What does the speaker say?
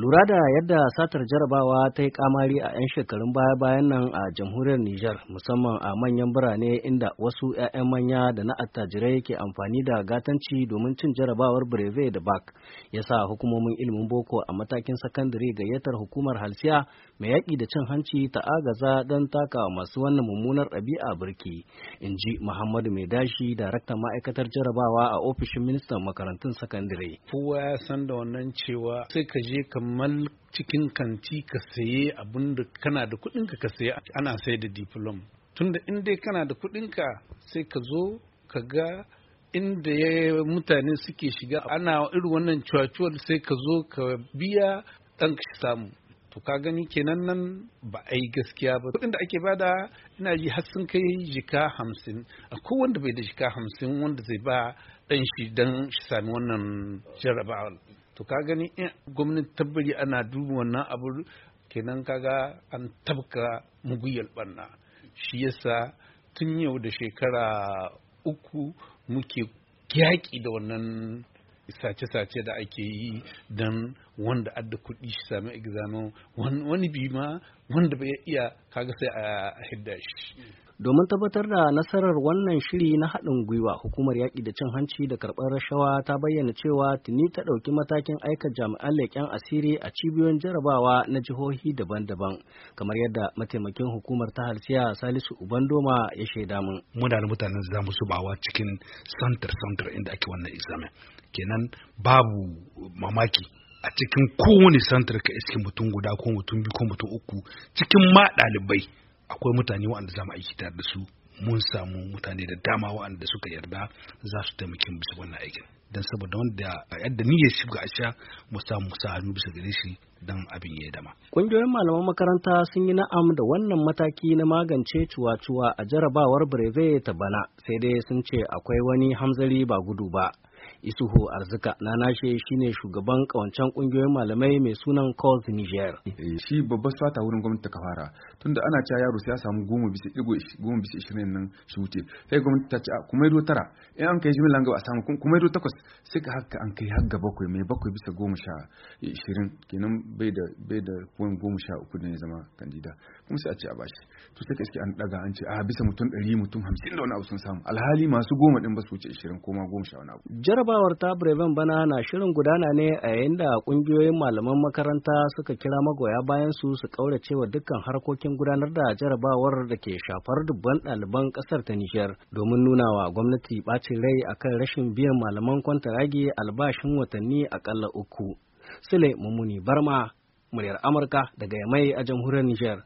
Lura da yadda satar jarabawa ta yi kamari a 'yan shekarun baya-bayan nan a jamhuriyar Nijar musamman a manyan birane inda wasu 'ya'yan manya da na attajirai ke amfani da gatanci domin cin jarabawar breve da bak ya sa hukumomin ilimin boko a matakin sakandare gayyatar hukumar halsiya mai yaƙi da cin hanci ta agaza don taka masu wannan mummunar ɗabi'a birki in ji Muhammadu mai dashi daraktan ma'aikatar jarabawa a ofishin ministan makarantun sakandare. Kowa ya san da wannan cewa sai ka je ka mal cikin kanti ka saye abin da kana da kudin ka saye ana sai da diplom tunda in dai kana da kuɗinka ka sai ka zo ka ga inda ya mutane suke shiga ana irin wannan cuwacuwar sai ka zo ka biya dan ka samu to ka gani kenan nan ba a yi gaskiya ba kudin da ake bada ina ji har sun kai jika hamsin akwai wanda bai da jika hamsin wanda zai ba dan shi dan shi sami wannan jarabawar to ka gani in gwamnati ta ana duba wannan abu kenan kaga an tabka muguyar barna shi yasa tun yau da shekara uku muke yaƙi da wannan sace-sace da ake yi don wanda adda kuɗi shi sami examen wani bi ma wanda bai iya kaga sai a hidda shi domin tabbatar da nasarar wannan shiri na haɗin gwiwa hukumar yaƙi da cin hanci da karɓar rashawa ta bayyana cewa tuni ta ɗauki matakin aika jami'an leƙen asiri a cibiyoyin jarabawa na jihohi daban-daban kamar yadda mataimakin hukumar ta halsiya salisu ubandoma ya shaida mun muna da mutanen za mu subawa cikin santar santar inda ake wannan examen kenan babu mamaki a cikin kowane santar ka iske mutum guda ko mutum biyu ko mutum uku cikin ma ɗalibai akwai mutane waɗanda za mu aiki tare da su mun samu mutane da dama waɗanda suka yarda za su taimaki bisa wannan aikin don saboda wanda yadda ni ya shiga a sha mu samu sa hannu bisa gare shi don abin ya dama. Ƙungiyoyin malaman makaranta sun yi na'am da wannan mataki na magance cuwa-cuwa a jarabawar Breve ta bana sai dai sun ce akwai wani hamzari ba gudu ba. Isuhu Arzika na nashe shine shugaban kawancen kungiyoyin malamai mai sunan Cause Niger. Eh, shi babbar sata wurin gwamnati ta fara tunda ana cewa yaro sai ya samu goma bisa ɗigo goma bisa ishirin nan shi wuce sai gwamnati ta ce a kuma ido tara in an kai jimilan gaba a samu kuma ido takwas sai ka haka an kai har bakwai mai bakwai bisa goma sha ishirin kenan bai da bai da goma sha uku ne zama kandida kuma sai a ce a bashi to sai kaske an daga an ce a bisa mutum ɗari mutum hamsin da wani abu sun samu alhali masu goma ɗin ba su wuce ishirin ko ma goma sha wani abu. Jaraba jarabawar ta Breven bana na shirin gudana ne a yayin da kungiyoyin malaman makaranta suka kira magoya bayan su su kaurace wa dukkan harkokin gudanar da jarabawar da ke shafar dubban ɗaliban ƙasar ta Nijar domin nuna wa gwamnati ɓacin rai akan rashin biyan malaman kwantaragi albashin watanni aƙalla uku. Sule mumuni Barma, muryar Amurka daga Yamai a jamhuriyar Nijar.